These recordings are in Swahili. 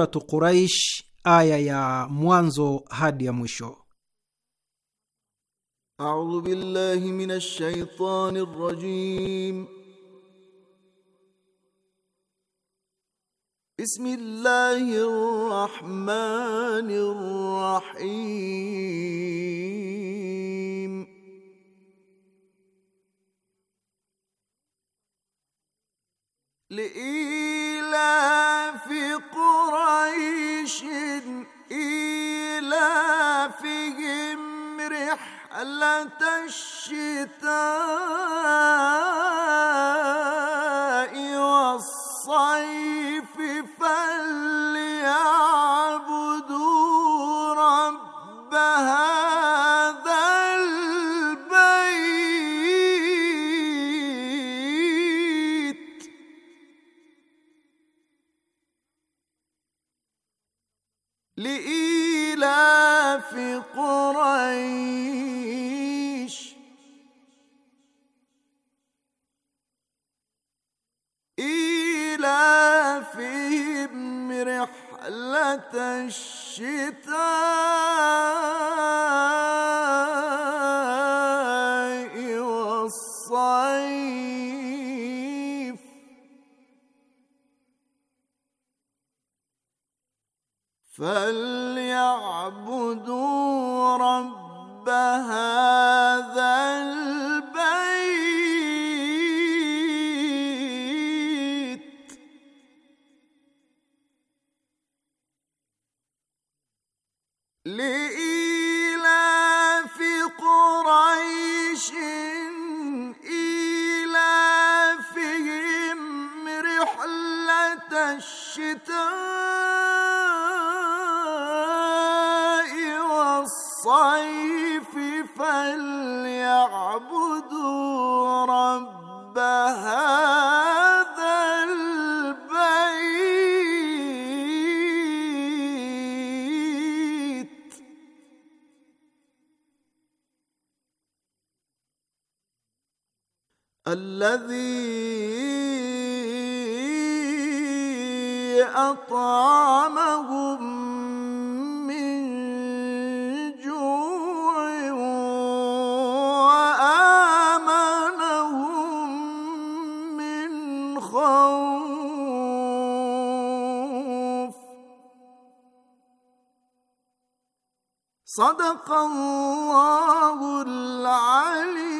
Suratu Quraish, aya ya mwanzo hadi ya mwisho. Audhu billahi minash shaitani rajim. Bismillahir rahmanir فيهم رحلة الشتاء شئت الذي اطعمهم من جوع وامنهم من خوف صدق الله العليم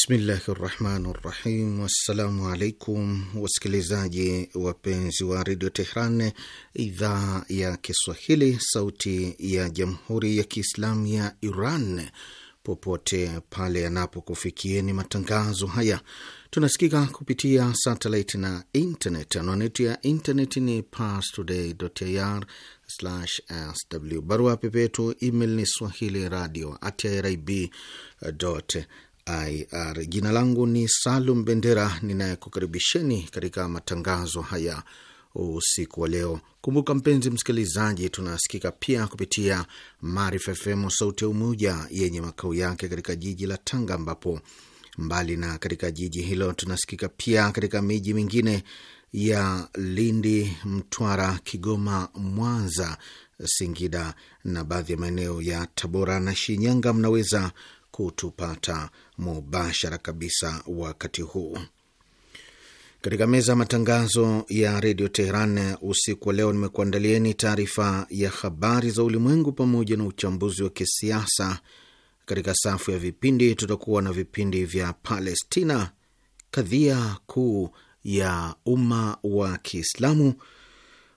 Bismillahi rahmani rahim. Wassalamu alaikum wasikilizaji wapenzi wa redio Tehran, idhaa ya Kiswahili, sauti ya jamhuri ya kiislamu ya Iran. Popote pale yanapokufikieni matangazo haya, tunasikika kupitia satellite na internet. Anwani yetu ya internet ni parstoday.ir/sw. Barua pepe yetu email ni swahili radio radio@irib IR. Jina langu ni Salum Bendera ninayekukaribisheni katika matangazo haya usiku wa leo. Kumbuka mpenzi msikilizaji, tunasikika pia kupitia Maarifa FM sauti ya Umoja yenye makao yake katika jiji la Tanga, ambapo mbali na katika jiji hilo tunasikika pia katika miji mingine ya Lindi, Mtwara, Kigoma, Mwanza, Singida na baadhi ya maeneo ya Tabora na Shinyanga. Mnaweza kutupata mubashara kabisa wakati huu katika meza ya matangazo ya redio Teheran usiku wa leo, nimekuandalieni taarifa ya habari za ulimwengu pamoja na uchambuzi wa kisiasa. Katika safu ya vipindi, tutakuwa na vipindi vya Palestina, kadhia kuu ya umma wa Kiislamu,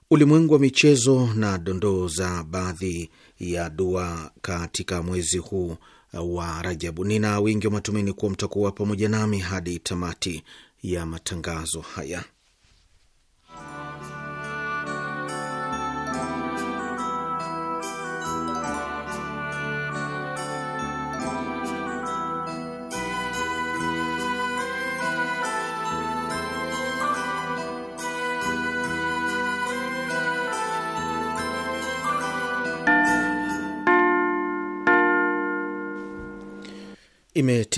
ulimwengu wa michezo na dondoo za baadhi ya dua katika mwezi huu wa Rajabu. Nina wingi wa matumaini kuwa mtakuwa pamoja nami hadi tamati ya matangazo haya.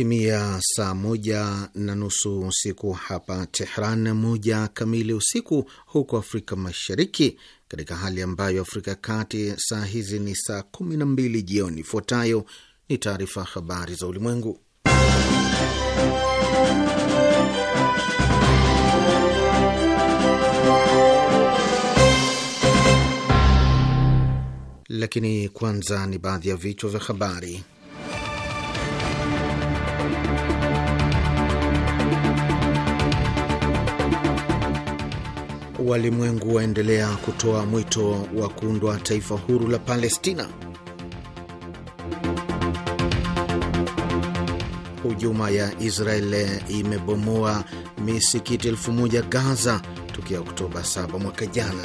imetimia saa moja na nusu usiku hapa Tehran, moja kamili usiku huko Afrika Mashariki, katika hali ambayo Afrika ya Kati saa hizi ni saa kumi na mbili jioni. Ifuatayo ni taarifa habari za ulimwengu, lakini kwanza ni baadhi ya vichwa vya habari. walimwengu waendelea kutoa mwito wa kuundwa taifa huru la Palestina. Hujuma ya Israel imebomoa misikiti elfu moja Gaza tokea Oktoba 7 mwaka jana.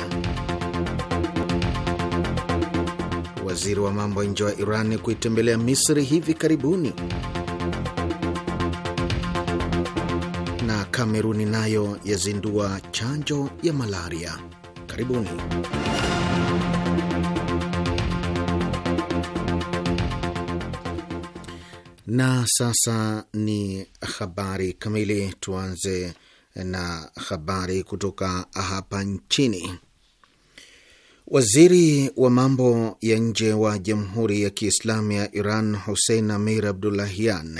Waziri wa mambo ya nje wa Iran kuitembelea Misri hivi karibuni. Kameruni nayo yazindua chanjo ya malaria. Karibuni. Na sasa ni habari kamili. Tuanze na habari kutoka hapa nchini. Waziri wa mambo ya nje wa Jamhuri ya Kiislamu ya Iran Hussein Amir Abdullahian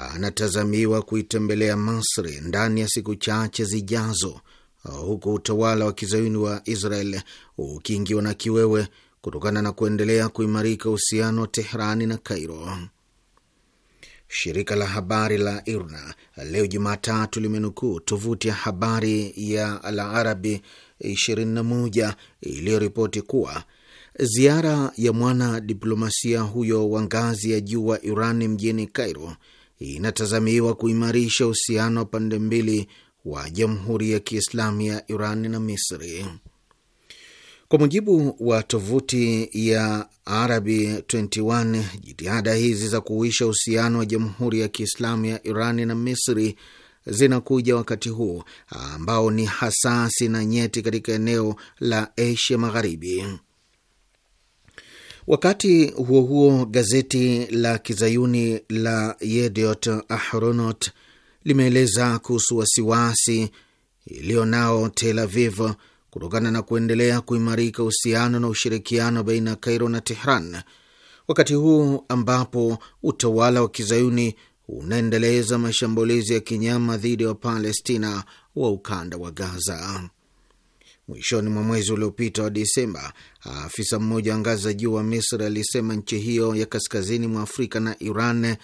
anatazamiwa kuitembelea Masri ndani ya siku chache zijazo, huku utawala wa kizayuni wa Israel ukiingiwa na kiwewe kutokana na kuendelea kuimarika uhusiano wa Teherani na Kairo. Shirika la habari la IRNA leo Jumatatu limenukuu tovuti ya habari ya Al Arabi 21 iliyoripoti kuwa ziara ya mwana diplomasia huyo wa ngazi ya juu wa Iran mjini Cairo inatazamiwa kuimarisha uhusiano wa pande mbili wa Jamhuri ya Kiislamu ya Iran na Misri. Kwa mujibu wa tovuti ya Arabi 21, jitihada hizi za kuuisha uhusiano wa Jamhuri ya Kiislamu ya Iran na Misri zinakuja wakati huu ambao ni hasasi na nyeti katika eneo la Asia Magharibi. Wakati huo huo, gazeti la kizayuni la Yediot Ahronot limeeleza kuhusu wasiwasi iliyo nao Tel Aviv kutokana na kuendelea kuimarika uhusiano na ushirikiano baina ya Kairo na Tehran, wakati huu ambapo utawala wa kizayuni unaendeleza mashambulizi ya kinyama dhidi ya Wapalestina wa ukanda wa Gaza. Mwishoni mwa mwezi uliopita wa disemba afisa mmoja wa ngazi za juu wa Misri alisema nchi hiyo ya kaskazini mwa Afrika na Iran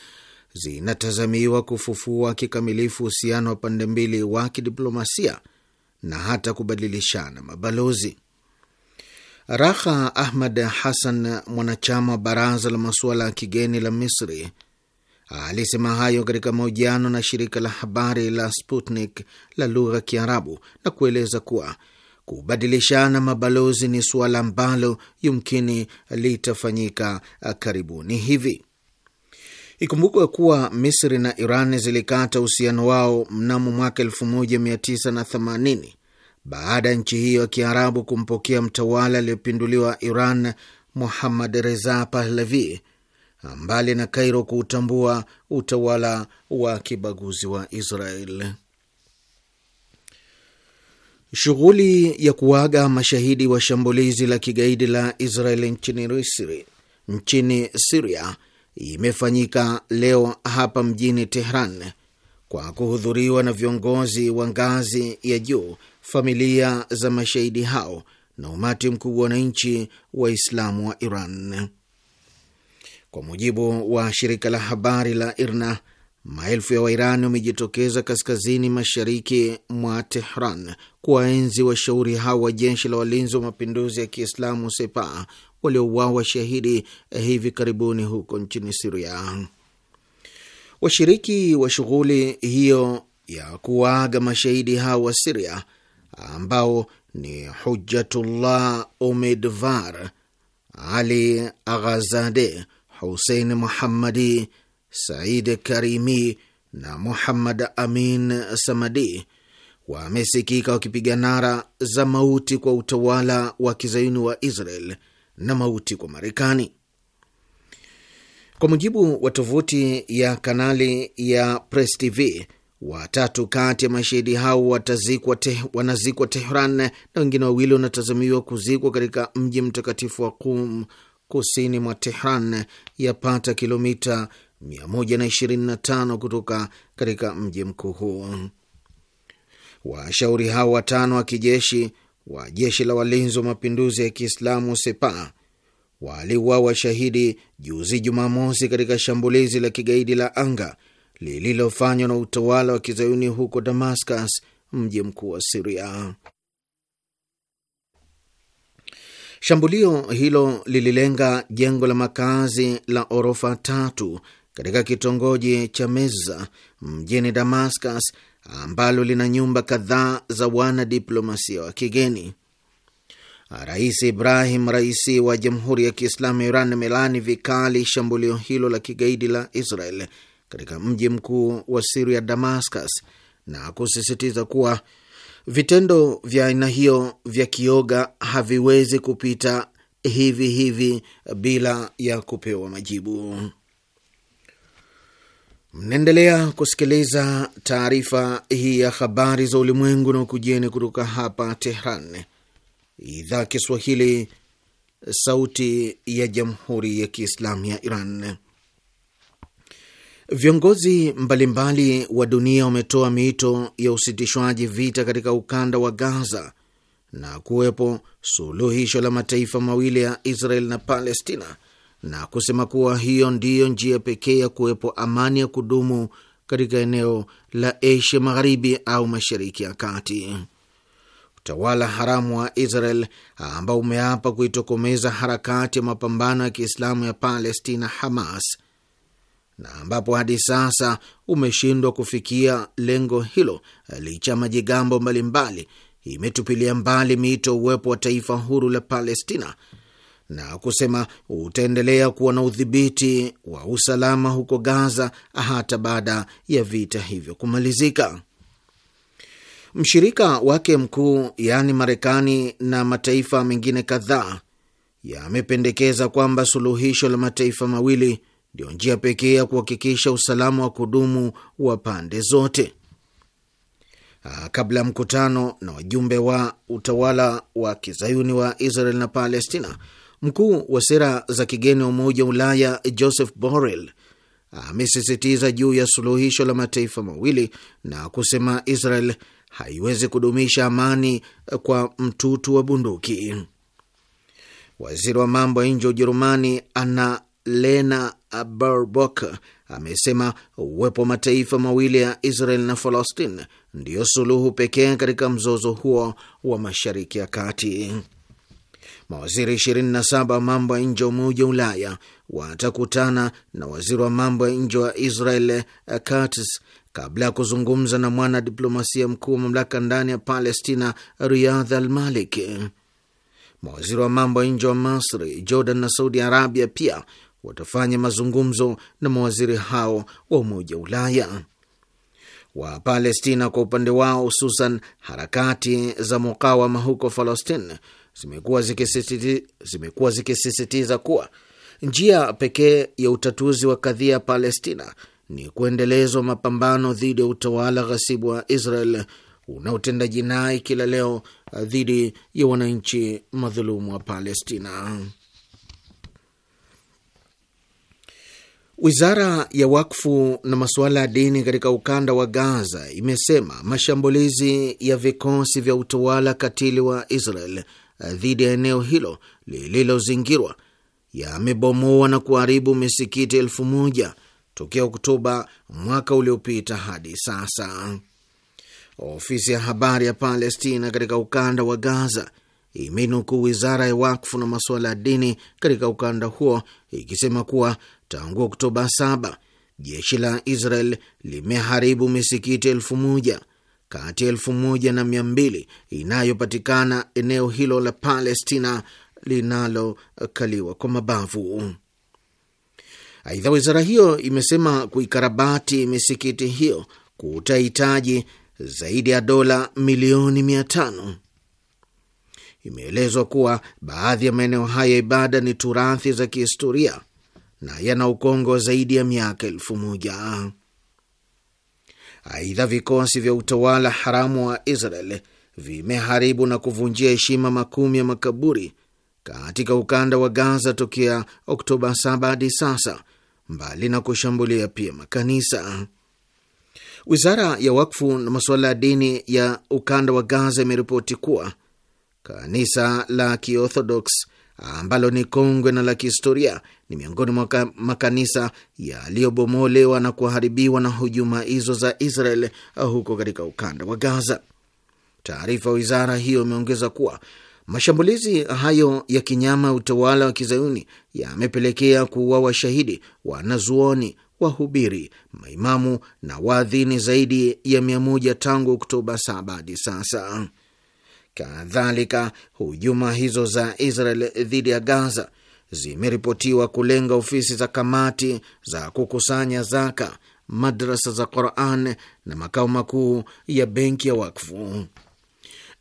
zinatazamiwa kufufua kikamilifu uhusiano wa pande mbili wa kidiplomasia na hata kubadilishana mabalozi. Raha Ahmad Hassan, mwanachama wa baraza la masuala ya kigeni la Misri, alisema hayo katika mahojiano na shirika la habari la Sputnik la lugha ya Kiarabu na kueleza kuwa kubadilishana mabalozi ni suala ambalo yumkini litafanyika karibuni hivi. Ikumbukwe kuwa Misri na Iran zilikata uhusiano wao mnamo mwaka 1980 baada ya nchi hiyo ya Kiarabu kumpokea mtawala aliyopinduliwa Iran, Muhammad Reza Pahlavi, mbali na Kairo kuutambua utawala wa kibaguzi wa Israel. Shughuli ya kuwaga mashahidi wa shambulizi la kigaidi la Israeli nchini Syria, nchini Siria imefanyika leo hapa mjini Tehran kwa kuhudhuriwa na viongozi wa ngazi ya juu, familia za mashahidi hao na umati mkubwa wa wananchi Waislamu wa Iran. Kwa mujibu wa shirika la habari la IRNA, Maelfu ya Wairani wamejitokeza kaskazini mashariki mwa Tehran kuwaenzi washauri hao wa jeshi la walinzi wa mapinduzi ya Kiislamu sepa waliouawa shahidi hivi karibuni huko nchini Siria. Washiriki wa shughuli hiyo ya kuwaaga mashahidi hao wa Siria ambao ni Hujatullah Omidvar, Ali Aghazade, Husein Muhammadi Said Karimi na Muhammad Amin Samadi wamesikika wakipiga nara za mauti kwa utawala wa kizayuni wa Israel na mauti kwa Marekani. Kwa mujibu wa tovuti ya kanali ya Press TV, watatu kati ya mashahidi hao watazikwa te, wanazikwa Tehran na wengine wawili wanatazamiwa kuzikwa katika mji mtakatifu wa Qum kusini mwa Tehran, yapata kilomita 125 kutoka katika mji mkuu huo. Washauri hao watano wa kijeshi wa jeshi la walinzi wa mapinduzi ya Kiislamu sepa waliuawa shahidi juzi Jumamosi katika shambulizi la kigaidi la anga lililofanywa na utawala wa kizayuni huko Damascus, mji mkuu wa Siria. Shambulio hilo lililenga jengo la makazi la orofa tatu katika kitongoji cha Meza mjini Damascus ambalo lina nyumba kadhaa za wanadiplomasia wa kigeni. Rais Ibrahim Raisi wa Jamhuri ya Kiislamu ya Iran amelaani vikali shambulio hilo la kigaidi la Israel katika mji mkuu wa Siria Damascus na kusisitiza kuwa vitendo vya aina hiyo vya kioga haviwezi kupita hivi hivi bila ya kupewa majibu. Mnaendelea kusikiliza taarifa hii ya habari za ulimwengu na ukujieni kutoka hapa Tehran, idhaa Kiswahili, sauti ya jamhuri ya kiislamu ya Iran. Viongozi mbalimbali wa dunia wametoa miito ya usitishwaji vita katika ukanda wa Gaza na kuwepo suluhisho la mataifa mawili ya Israel na Palestina na kusema kuwa hiyo ndiyo njia pekee ya kuwepo amani ya kudumu katika eneo la Asia Magharibi au Mashariki ya Kati. Utawala haramu wa Israel ambao umeapa kuitokomeza harakati ya mapambano ya Kiislamu ya Palestina, Hamas, na ambapo hadi sasa umeshindwa kufikia lengo hilo licha ya majigambo mbalimbali, imetupilia mbali miito uwepo wa taifa huru la Palestina na kusema utaendelea kuwa na udhibiti wa usalama huko Gaza hata baada ya vita hivyo kumalizika. Mshirika wake mkuu yaani Marekani na mataifa mengine kadhaa yamependekeza kwamba suluhisho la mataifa mawili ndio njia pekee ya kuhakikisha usalama wa kudumu wa pande zote. Ah, kabla ya mkutano na wajumbe wa utawala wa kizayuni wa Israel na Palestina, Mkuu wa sera za kigeni wa Umoja wa Ulaya Joseph Borrell amesisitiza juu ya suluhisho la mataifa mawili na kusema Israel haiwezi kudumisha amani kwa mtutu wa bunduki. Waziri wa mambo ya nje wa Ujerumani Anna Lena Baerbock amesema uwepo wa mataifa mawili ya Israel na Falastin ndiyo suluhu pekee katika mzozo huo wa Mashariki ya Kati. Mawaziri 27 wa mambo ya nje wa Umoja wa Ulaya watakutana na waziri wa mambo ya nje wa Israel eh, Katz kabla ya kuzungumza na mwana diplomasia mkuu wa mamlaka ndani ya Palestina Riyadh Al Malik. Mawaziri wa mambo ya nje wa Masri, Jordan na Saudi Arabia pia watafanya mazungumzo na mawaziri hao wa Umoja wa Ulaya. Wapalestina kwa upande wao, hususan harakati za mukawama huko Palestina zimekuwa zikisisitiza, kuwa njia pekee ya utatuzi wa kadhia ya Palestina ni kuendelezwa mapambano dhidi ya utawala ghasibu wa Israel unaotenda jinai kila leo uh, dhidi ya wananchi madhulumu wa Palestina. Wizara ya Wakfu na masuala ya dini katika ukanda wa Gaza imesema mashambulizi ya vikosi vya utawala katili wa Israel dhidi ya eneo hilo lililozingirwa yamebomoa na kuharibu misikiti elfu moja tokea Oktoba mwaka uliopita hadi sasa. Ofisi ya habari ya Palestina katika ukanda wa Gaza imenukuu wizara ya wakfu na masuala ya dini katika ukanda huo ikisema kuwa tangu Oktoba 7 jeshi la Israel limeharibu misikiti elfu moja kati ya elfu moja na mia mbili inayopatikana eneo hilo la Palestina linalokaliwa kwa mabavu. Aidha, wizara hiyo imesema kuikarabati misikiti hiyo kutahitaji zaidi ya dola milioni mia tano. Imeelezwa kuwa baadhi ya maeneo haya ibada ni turathi za kihistoria na yana ukongo zaidi ya miaka elfu moja. Aidha, vikosi vya utawala haramu wa Israel vimeharibu na kuvunjia heshima makumi ya makaburi katika ukanda wa Gaza tokea Oktoba 7 hadi sasa, mbali na kushambulia pia makanisa. Wizara ya Wakfu na masuala ya dini ya ukanda wa Gaza imeripoti kuwa kanisa la Kiorthodox ambalo ni kongwe na la kihistoria, ni miongoni mwa makanisa yaliyobomolewa na kuharibiwa na hujuma hizo za Israel uh, huko katika ukanda wa Gaza. Taarifa ya wizara hiyo imeongeza kuwa mashambulizi hayo ya kinyama ya utawala wa kizayuni yamepelekea kuwa washahidi wanazuoni, wahubiri, maimamu na waadhini zaidi ya mia moja tangu Oktoba 7 hadi sasa. Kadhalika, hujuma hizo za Israel dhidi ya Gaza zimeripotiwa kulenga ofisi za kamati za kukusanya zaka, madrasa za Quran na makao makuu ya benki ya Wakfu.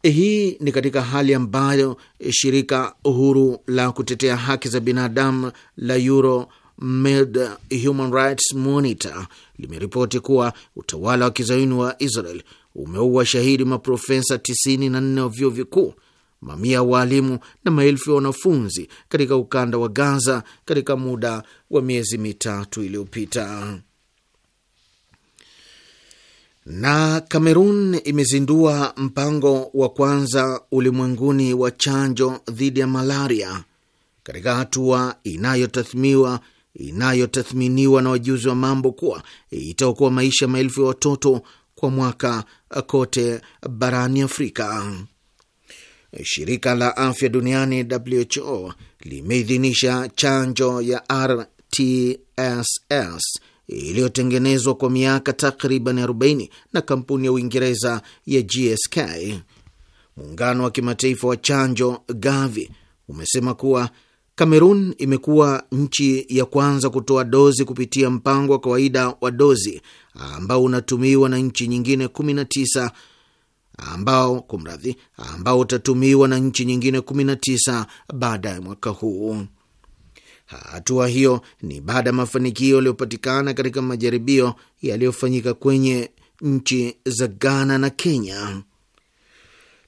Hii ni katika hali ambayo shirika huru la kutetea haki za binadamu la Euro Med Human Rights Monitor limeripoti kuwa utawala wa kizayuni wa Israel umeua shahidi maprofesa 94 wa vyuo vikuu, mamia ya waalimu na maelfu ya wanafunzi katika ukanda wa Gaza katika muda wa miezi mitatu iliyopita. Na Kamerun imezindua mpango wa kwanza ulimwenguni wa chanjo dhidi ya malaria katika hatua inayotathmiwa inayotathminiwa na wajuzi wa mambo kuwa itaokoa maisha maelfu ya watoto kwa mwaka kote barani Afrika. Shirika la Afya Duniani WHO limeidhinisha chanjo ya RTSS iliyotengenezwa kwa miaka takriban 40 na kampuni ya Uingereza ya GSK. Muungano wa kimataifa wa chanjo Gavi umesema kuwa Kamerun imekuwa nchi ya kwanza kutoa dozi kupitia mpango wa kawaida wa dozi ambao unatumiwa na nchi nyingine 19 ambao kumradhi, ambao utatumiwa na nchi nyingine 19 baada ya mwaka huu. Hatua hiyo ni baada ya mafanikio yaliyopatikana katika majaribio yaliyofanyika kwenye nchi za Ghana na Kenya.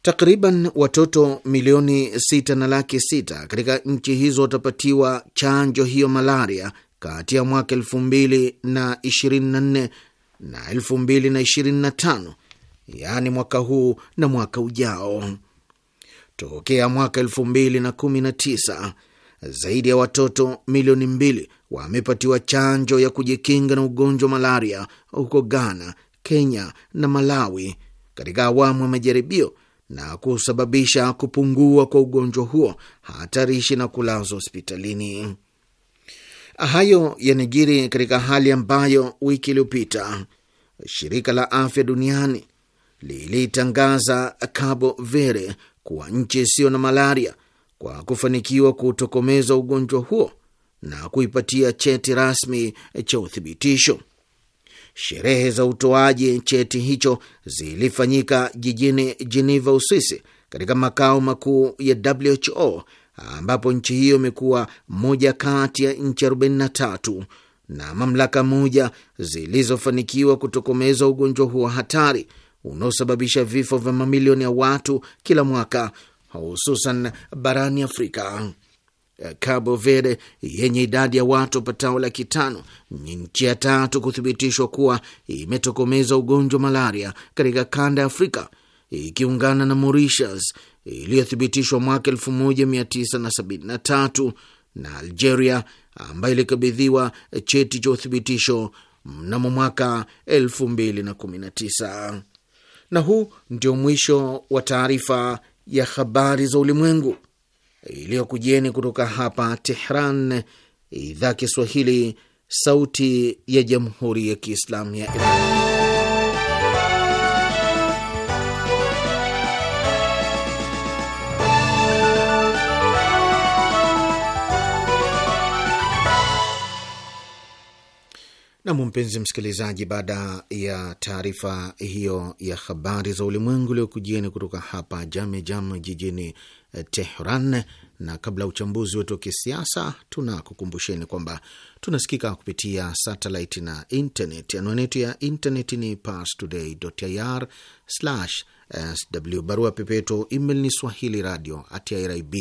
Takriban watoto milioni sita na laki sita katika nchi hizo watapatiwa chanjo hiyo malaria kati ya mwaka elfu mbili na ishirini na nne na elfu yaani mwaka huu na mwaka ujao. Tokea mwaka 219 zaidi ya watoto milioni mbili wamepatiwa chanjo ya kujikinga na ugonjwa malaria huko Ghana, Kenya na Malawi katika awamu ya majaribio na kusababisha kupungua kwa ugonjwa huo hatarishi na kulazwa hospitalini. Hayo yanijiri katika hali ambayo wiki iliyopita shirika la afya duniani lilitangaza Cabo Verde kuwa nchi isiyo na malaria kwa kufanikiwa kutokomeza ugonjwa huo na kuipatia cheti rasmi cha uthibitisho. Sherehe za utoaji cheti hicho zilifanyika jijini Geneva, Uswisi, katika makao makuu ya WHO ambapo nchi hiyo imekuwa moja kati ya nchi 43 na mamlaka moja zilizofanikiwa kutokomeza ugonjwa huo hatari unaosababisha vifo vya mamilioni ya watu kila mwaka hususan barani Afrika. Cabo Verde yenye idadi ya watu patao laki tano ni nchi ya tatu kuthibitishwa kuwa imetokomeza ugonjwa malaria katika kanda ya Afrika ikiungana na Mauritius iliyothibitishwa mwaka 1973 na Algeria ambayo ilikabidhiwa cheti cha uthibitisho mnamo mwaka 2019. Na huu ndio mwisho wa taarifa ya habari za ulimwengu iliyokujeni kutoka hapa Tehran, idhaa Kiswahili, sauti ya jamhuri ya kiislamu ya Iran. Nam, mpenzi msikilizaji, baada ya taarifa hiyo ya habari za ulimwengu liokujieni kutoka hapa Jamejam jijini eh, Tehran, na kabla ya uchambuzi wetu wa kisiasa, tunakukumbusheni kwamba tunasikika kupitia satelit na internet. Anwani yetu ya internet ni parstoday.ir/sw. Barua pepe yetu email ni swahili radio at irib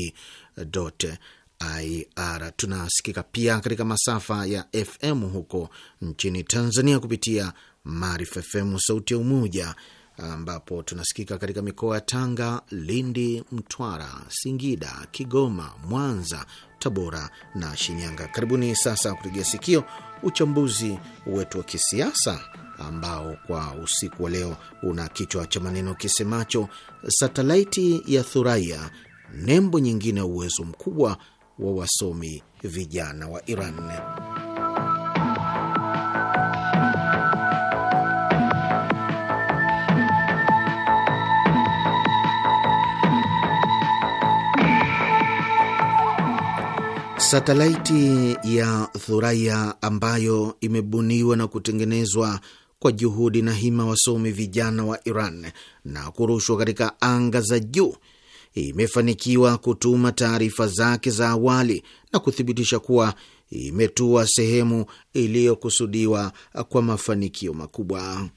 IR. Tunasikika pia katika masafa ya FM huko nchini Tanzania kupitia Maarifa FM sauti ya Umoja, ambapo tunasikika katika mikoa ya Tanga, Lindi, Mtwara, Singida, Kigoma, Mwanza, Tabora na Shinyanga. Karibuni sasa kutegea sikio uchambuzi wetu wa kisiasa ambao kwa usiku wa leo una kichwa cha maneno kisemacho satelaiti ya Thuraya, nembo nyingine ya uwezo mkubwa wa wasomi vijana wa Iran. Satelaiti ya Thuraya ambayo imebuniwa na kutengenezwa kwa juhudi na hima wasomi vijana wa Iran na kurushwa katika anga za juu imefanikiwa kutuma taarifa zake za awali na kuthibitisha kuwa imetua sehemu iliyokusudiwa kwa mafanikio makubwa.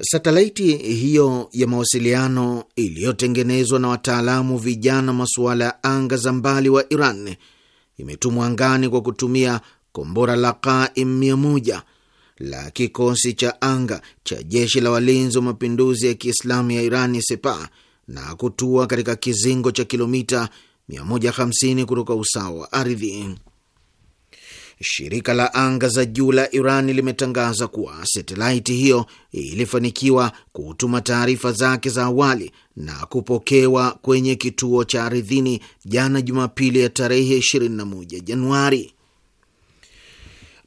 Satelaiti hiyo ya mawasiliano iliyotengenezwa na wataalamu vijana masuala ya anga za mbali wa Iran imetumwa angani kwa kutumia kombora la Qaim la kikosi cha anga cha jeshi la walinzi wa mapinduzi ya Kiislamu ya Irani sepa na kutua katika kizingo cha kilomita 150 kutoka usawa wa ardhi. Shirika la anga za juu la Iran limetangaza kuwa satelaiti hiyo ilifanikiwa kutuma taarifa zake za awali na kupokewa kwenye kituo cha ardhini jana Jumapili ya tarehe 21 Januari.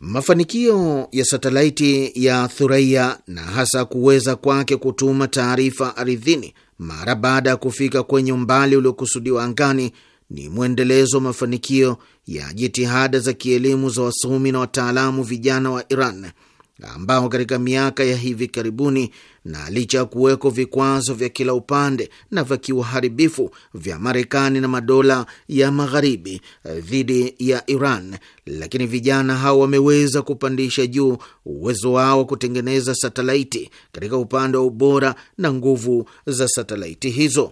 Mafanikio ya satelaiti ya thuraia na hasa kuweza kwake kutuma taarifa ardhini mara baada ya kufika kwenye umbali uliokusudiwa angani ni mwendelezo wa mafanikio ya jitihada za kielimu za wasomi na wataalamu vijana wa Iran ambao katika miaka ya hivi karibuni na licha ya kuwekwa vikwazo vya kila upande na vya kiuharibifu vya Marekani na madola ya magharibi eh, dhidi ya Iran, lakini vijana hao wameweza kupandisha juu uwezo wao wa kutengeneza satelaiti katika upande wa ubora na nguvu za satelaiti hizo.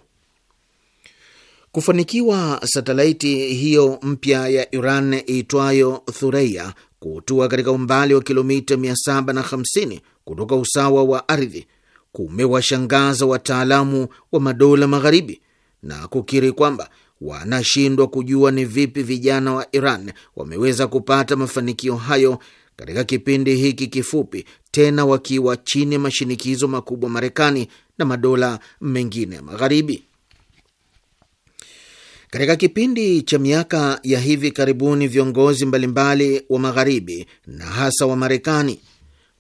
Kufanikiwa satelaiti hiyo mpya ya Iran iitwayo Thureia kutua katika umbali wa kilomita 750 kutoka usawa wa ardhi kumewashangaza wataalamu wa madola magharibi na kukiri kwamba wanashindwa kujua ni vipi vijana wa Iran wameweza kupata mafanikio hayo katika kipindi hiki kifupi, tena wakiwa chini ya mashinikizo makubwa Marekani na madola mengine ya magharibi. Katika kipindi cha miaka ya hivi karibuni, viongozi mbalimbali wa Magharibi na hasa wa Marekani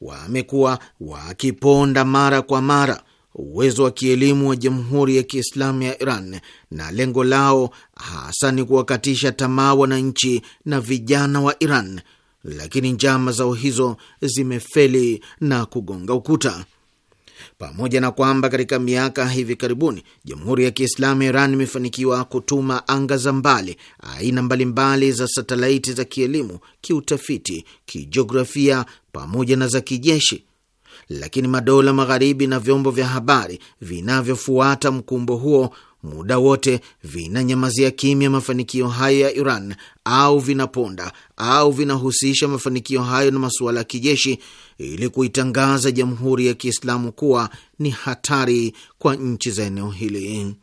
wamekuwa wakiponda mara kwa mara uwezo wa kielimu wa Jamhuri ya Kiislamu ya Iran, na lengo lao hasa ni kuwakatisha tamaa wananchi na vijana wa Iran, lakini njama zao hizo zimefeli na kugonga ukuta pamoja na kwamba katika miaka hivi karibuni Jamhuri ya Kiislamu ya Iran imefanikiwa kutuma anga za mbali aina mbalimbali za satelaiti za kielimu, kiutafiti, kijiografia pamoja na za kijeshi, lakini madola magharibi na vyombo vya habari vinavyofuata mkumbo huo muda wote vinanyamazia kimya mafanikio hayo ya Iran au vinaponda au vinahusisha mafanikio hayo na masuala ya kijeshi ili kuitangaza Jamhuri ya Kiislamu kuwa ni hatari kwa nchi za eneo hili.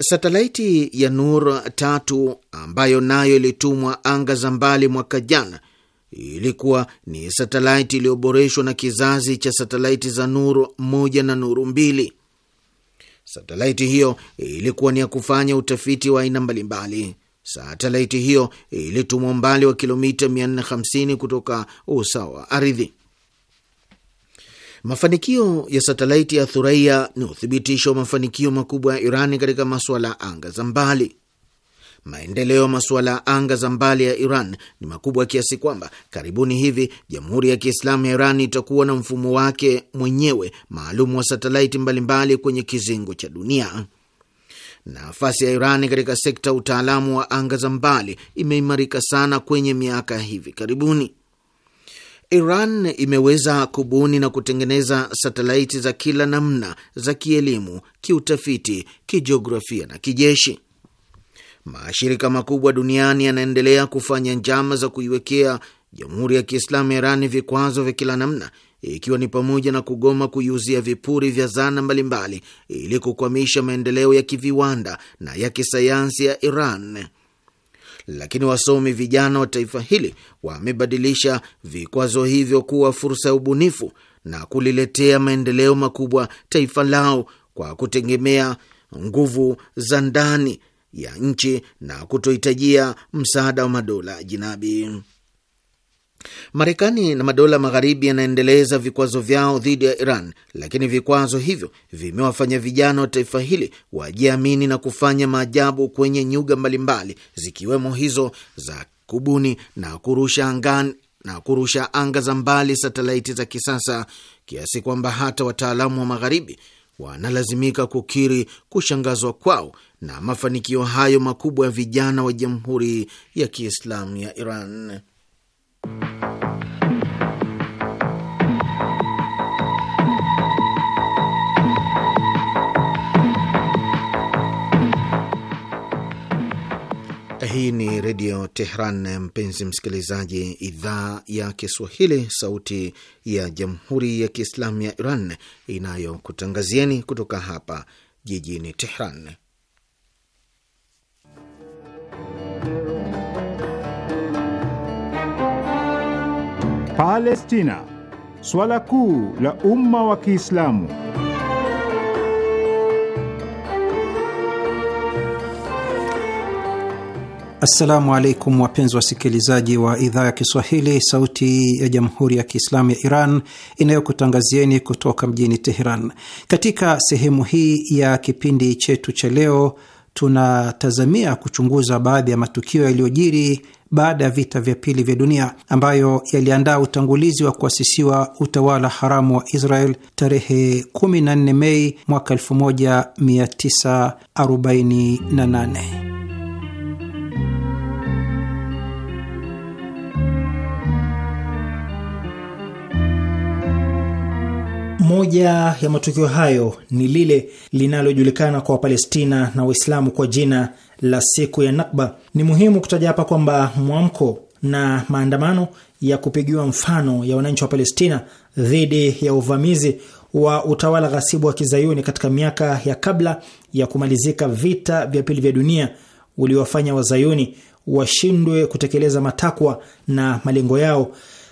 Satelaiti ya Nur tatu ambayo nayo ilitumwa anga za mbali mwaka jana ilikuwa ni satelaiti iliyoboreshwa na kizazi cha satelaiti za Nur moja na Nuru mbili Satelaiti hiyo ilikuwa ni ya kufanya utafiti wa aina mbalimbali. Satelaiti hiyo ilitumwa umbali wa kilomita 450 kutoka usawa wa ardhi. Mafanikio ya satelaiti ya Thuraia ni uthibitisho wa mafanikio makubwa ya Irani katika masuala ya anga za mbali. Maendeleo ya masuala ya anga za mbali ya Iran ni makubwa kiasi kwamba karibuni hivi Jamhuri ya Kiislamu ya Iran itakuwa na mfumo wake mwenyewe maalum wa satelaiti mbalimbali kwenye kizingo cha dunia. Nafasi ya Iran katika sekta ya utaalamu wa anga za mbali imeimarika sana kwenye miaka hivi karibuni. Iran imeweza kubuni na kutengeneza satelaiti za kila namna za kielimu, kiutafiti, kijiografia na kijeshi mashirika makubwa duniani yanaendelea kufanya njama za kuiwekea Jamhuri ya Kiislamu ya Irani vikwazo vya kila namna, ikiwa ni pamoja na kugoma kuiuzia vipuri vya zana mbalimbali ili kukwamisha maendeleo ya kiviwanda na ya kisayansi ya Iran. Lakini wasomi vijana wa taifa hili wamebadilisha vikwazo hivyo kuwa fursa ya ubunifu na kuliletea maendeleo makubwa taifa lao kwa kutegemea nguvu za ndani ya nchi na kutohitajia msaada wa madola jinabi. Marekani na madola magharibi yanaendeleza vikwazo vyao dhidi ya Iran, lakini vikwazo hivyo vimewafanya vijana wa taifa hili wajiamini na kufanya maajabu kwenye nyuga mbalimbali, zikiwemo hizo za kubuni na kurusha angani na kurusha anga za mbali satelaiti za kisasa, kiasi kwamba hata wataalamu wa magharibi wanalazimika kukiri kushangazwa kwao na mafanikio hayo makubwa ya vijana wa Jamhuri ya Kiislamu ya Iran. Hii ni Redio Tehran, mpenzi msikilizaji, idhaa ya Kiswahili, sauti ya Jamhuri ya Kiislamu ya Iran inayokutangazieni kutoka hapa jijini Tehran. Palestina, swala kuu la umma wa Kiislamu. Assalamu alaikum wapenzi wasikilizaji wa idhaa ya Kiswahili, sauti ya jamhuri ya kiislamu ya Iran inayokutangazieni kutoka mjini Teheran. Katika sehemu hii ya kipindi chetu cha leo, tunatazamia kuchunguza baadhi ya matukio yaliyojiri baada ya vita vya pili vya dunia ambayo yaliandaa utangulizi wa kuasisiwa utawala haramu wa Israel tarehe 14 Mei mwaka 1948. Moja ya matukio hayo ni lile linalojulikana kwa Wapalestina na Waislamu kwa jina la siku ya Nakba. Ni muhimu kutaja hapa kwamba mwamko na maandamano ya kupigiwa mfano ya wananchi wa Palestina dhidi ya uvamizi wa utawala ghasibu wa kizayuni katika miaka ya kabla ya kumalizika vita vya pili vya dunia uliowafanya wazayuni washindwe kutekeleza matakwa na malengo yao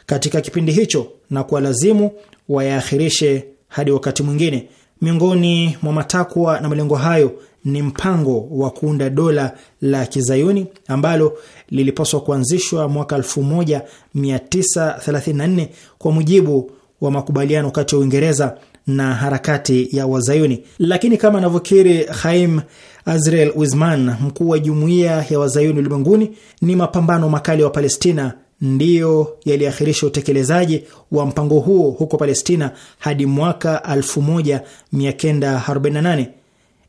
katika kipindi hicho na kuwalazimu wayaakhirishe hadi wakati mwingine. Miongoni mwa matakwa na malengo hayo ni mpango wa kuunda dola la kizayuni ambalo lilipaswa kuanzishwa mwaka 1934 kwa mujibu wa makubaliano kati ya Uingereza na harakati ya Wazayuni. Lakini kama anavyokiri Haim Azrael Wisman, mkuu wa jumuiya ya Wazayuni ulimwenguni, ni mapambano makali wa Palestina ndiyo yaliakhirisha utekelezaji wa mpango huo huko Palestina hadi mwaka 1948.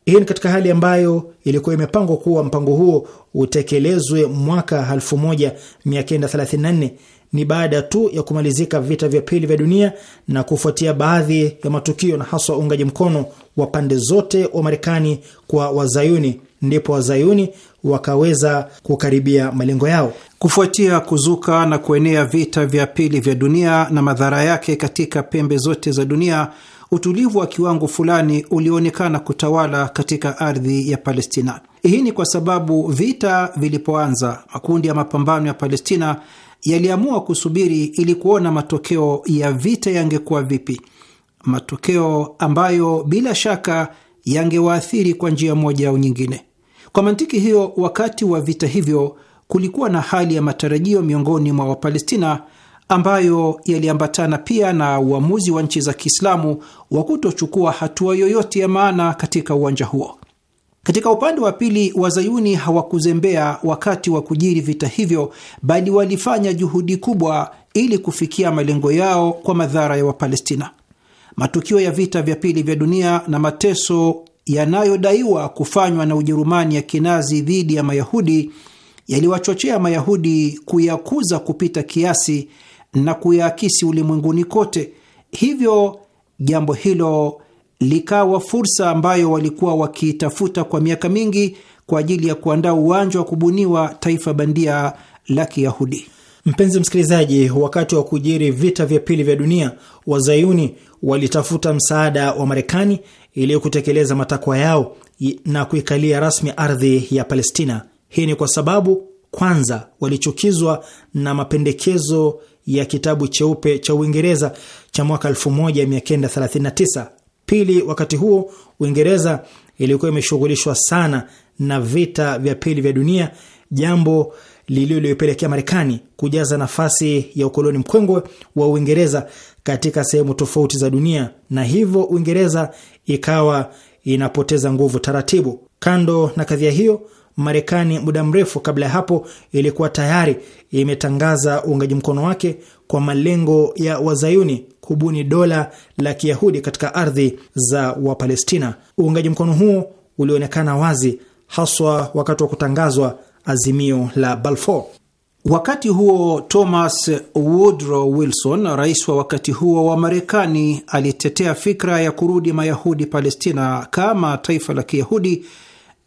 Hii ni katika hali ambayo ilikuwa imepangwa kuwa mpango huo utekelezwe mwaka 1934. Ni baada tu ya kumalizika vita vya pili vya dunia na kufuatia baadhi ya matukio na haswa uungaji mkono wa pande zote wa Marekani kwa Wazayuni, ndipo Wazayuni wakaweza kukaribia malengo yao. Kufuatia kuzuka na kuenea vita vya pili vya dunia na madhara yake katika pembe zote za dunia, utulivu wa kiwango fulani ulionekana kutawala katika ardhi ya Palestina. Hii ni kwa sababu vita vilipoanza, makundi ya mapambano ya Palestina yaliamua kusubiri ili kuona matokeo ya vita yangekuwa vipi, matokeo ambayo bila shaka yangewaathiri kwa njia moja au nyingine. Kwa mantiki hiyo, wakati wa vita hivyo kulikuwa na hali ya matarajio miongoni mwa Wapalestina ambayo yaliambatana pia na uamuzi wa nchi za Kiislamu wa kutochukua hatua yoyote ya maana katika uwanja huo. Katika upande wa pili, wazayuni hawakuzembea wakati wa kujiri vita hivyo, bali walifanya juhudi kubwa ili kufikia malengo yao kwa madhara ya Wapalestina. Matukio ya vita vya pili vya dunia na mateso yanayodaiwa kufanywa na Ujerumani ya kinazi dhidi ya Mayahudi yaliwachochea Mayahudi kuyakuza kupita kiasi na kuyaakisi ulimwenguni kote. Hivyo jambo hilo likawa fursa ambayo walikuwa wakiitafuta kwa miaka mingi kwa ajili ya kuandaa uwanja wa kubuniwa taifa bandia la Kiyahudi. Mpenzi msikilizaji, wakati wa kujiri vita vya pili vya dunia, wazayuni walitafuta msaada wa Marekani ili kutekeleza matakwa yao na kuikalia rasmi ardhi ya Palestina. Hii ni kwa sababu kwanza, walichukizwa na mapendekezo ya kitabu cheupe cha Uingereza cha mwaka 1939. Pili, wakati huo Uingereza ilikuwa imeshughulishwa sana na vita vya pili vya dunia, jambo lililoipelekea Marekani kujaza nafasi ya ukoloni mkongwe wa Uingereza katika sehemu tofauti za dunia, na hivyo Uingereza ikawa inapoteza nguvu taratibu. Kando na kadhia hiyo, Marekani muda mrefu kabla ya hapo ilikuwa tayari imetangaza uungaji mkono wake kwa malengo ya wazayuni kubuni dola la kiyahudi katika ardhi za Wapalestina. Uungaji mkono huo ulionekana wazi haswa wakati wa kutangazwa azimio la Balfour. Wakati huo Thomas Woodrow Wilson, rais wa wakati huo wa Marekani, alitetea fikra ya kurudi Mayahudi Palestina kama taifa la Kiyahudi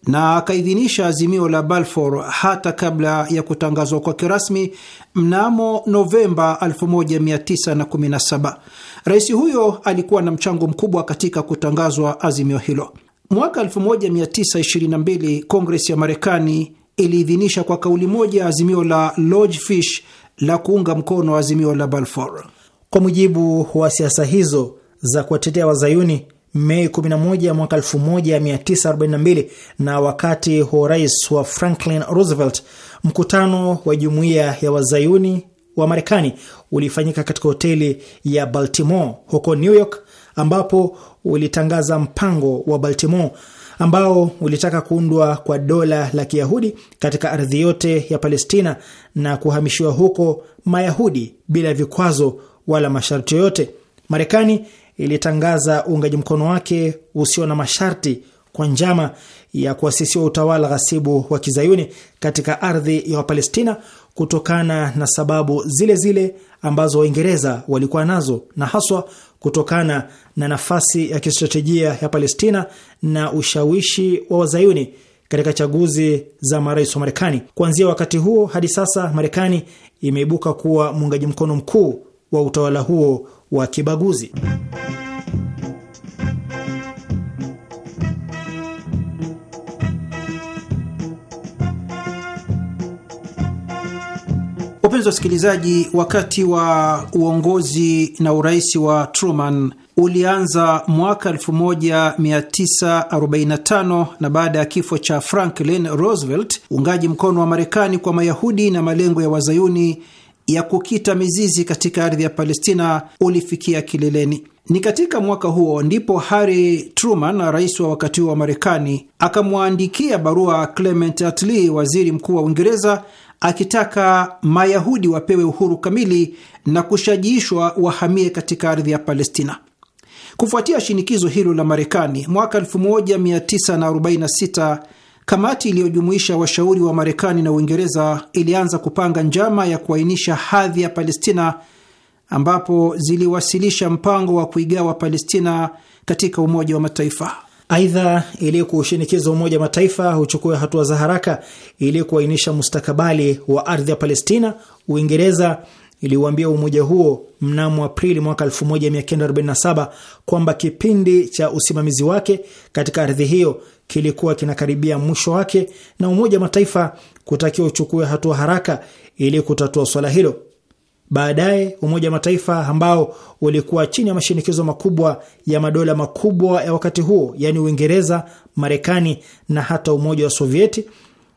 na akaidhinisha azimio la Balfour hata kabla ya kutangazwa kwake rasmi mnamo Novemba 1917. Rais huyo alikuwa na mchango mkubwa katika kutangazwa azimio hilo. Mwaka 1922 Kongres ya Marekani iliidhinisha kwa kauli moja azimio la Lodge Fish la kuunga mkono azimio la Balfour. Kwa mujibu wa siasa hizo za kuwatetea wazayuni, Mei 11 mwaka 1942 na wakati wa urais wa Franklin Roosevelt, mkutano wa jumuiya ya wazayuni wa Marekani ulifanyika katika hoteli ya Baltimore huko New York, ambapo ulitangaza mpango wa Baltimore ambao ulitaka kuundwa kwa dola la Kiyahudi katika ardhi yote ya Palestina na kuhamishiwa huko Mayahudi bila vikwazo wala masharti yoyote. Marekani ilitangaza uungaji mkono wake usio na masharti kwa njama ya kuasisiwa utawala ghasibu wa Kizayuni katika ardhi ya Wapalestina kutokana na sababu zile zile ambazo Waingereza walikuwa nazo na haswa kutokana na nafasi ya kistratejia ya Palestina na ushawishi wa wazayuni katika chaguzi za marais wa Marekani. Kuanzia wakati huo hadi sasa, Marekani imeibuka kuwa muungaji mkono mkuu wa utawala huo wa kibaguzi. Wapenzi wasikilizaji, wakati wa uongozi na urais wa Truman ulianza mwaka 1945 na baada ya kifo cha Franklin Roosevelt, uungaji mkono wa Marekani kwa Mayahudi na malengo ya Wazayuni ya kukita mizizi katika ardhi ya Palestina ulifikia kileleni. Ni katika mwaka huo ndipo Harry Truman, rais wa wakati huo wa Marekani, akamwandikia barua Clement Attlee, waziri mkuu wa Uingereza, akitaka Mayahudi wapewe uhuru kamili na kushajiishwa wahamie katika ardhi ya Palestina. Kufuatia shinikizo hilo la Marekani, mwaka 1946 kamati iliyojumuisha washauri wa Marekani na Uingereza ilianza kupanga njama ya kuainisha hadhi ya Palestina, ambapo ziliwasilisha mpango wa kuigawa Palestina katika Umoja wa Mataifa. Aidha, ili kushinikiza Umoja wa Mataifa uchukue hatua za haraka ili kuainisha mustakabali wa ardhi ya Palestina, Uingereza iliuambia umoja huo mnamo Aprili mwaka 1947 kwamba kipindi cha usimamizi wake katika ardhi hiyo kilikuwa kinakaribia mwisho wake na Umoja wa Mataifa kutakiwa uchukue hatua haraka ili kutatua swala hilo. Baadaye Umoja wa Mataifa ambao ulikuwa chini ya mashinikizo makubwa ya madola makubwa ya wakati huo, yaani Uingereza, Marekani na hata Umoja wa Sovieti,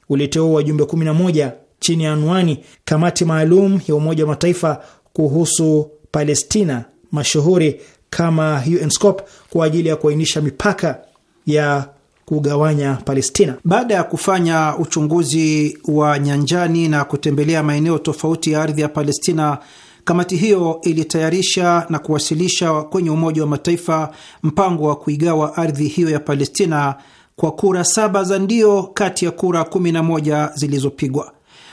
uliteua wajumbe 11 chini ya anwani Kamati Maalum ya Umoja wa Mataifa kuhusu Palestina, mashuhuri kama UNSCOP, kwa ajili ya kuainisha mipaka ya kugawanya Palestina. Baada ya kufanya uchunguzi wa nyanjani na kutembelea maeneo tofauti ya ardhi ya Palestina, kamati hiyo ilitayarisha na kuwasilisha kwenye Umoja wa Mataifa mpango wa kuigawa ardhi hiyo ya Palestina kwa kura saba za ndio kati ya kura kumi moja zilizopigwa.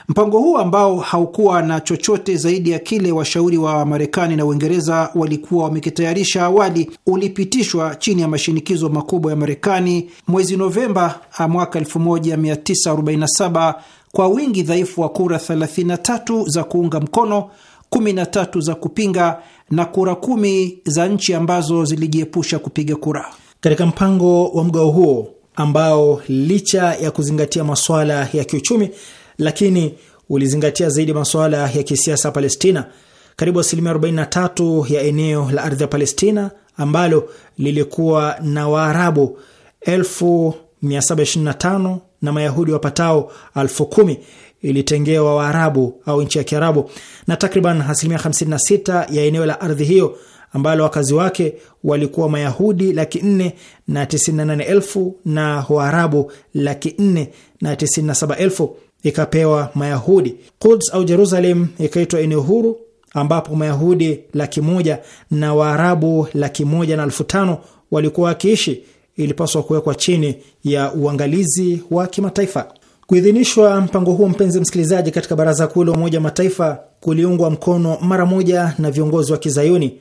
Mpango huu ambao haukuwa na chochote zaidi ya kile washauri wa Marekani na Uingereza walikuwa wamekitayarisha awali ulipitishwa chini ya mashinikizo makubwa ya Marekani mwezi Novemba mwaka 1947 kwa wingi dhaifu wa kura 33 za kuunga mkono, 13 za kupinga na kura kumi za nchi ambazo zilijiepusha kupiga kura. Katika mpango wa mgao huo ambao licha ya kuzingatia masuala ya kiuchumi lakini ulizingatia zaidi masuala ya kisiasa Palestina. Karibu asilimia 43 ya eneo la ardhi ya Palestina ambalo lilikuwa na Waarabu 725 na Mayahudi wapatao 10,000 ilitengewa Waarabu au nchi ya Kiarabu, na takriban asilimia 56 ya eneo la ardhi hiyo ambalo wakazi wake walikuwa Mayahudi laki nne na 98 na elfu na Waarabu laki nne na tisini elfu ikapewa Mayahudi. Quds au Jerusalem ikaitwa eneo huru ambapo Mayahudi laki moja na Waarabu laki moja na elfu tano walikuwa wakiishi, ilipaswa kuwekwa chini ya uangalizi wa kimataifa. Kuidhinishwa mpango huo, mpenzi msikilizaji, katika Baraza Kuu la Umoja Mataifa kuliungwa mkono mara moja na viongozi wa Kizayuni,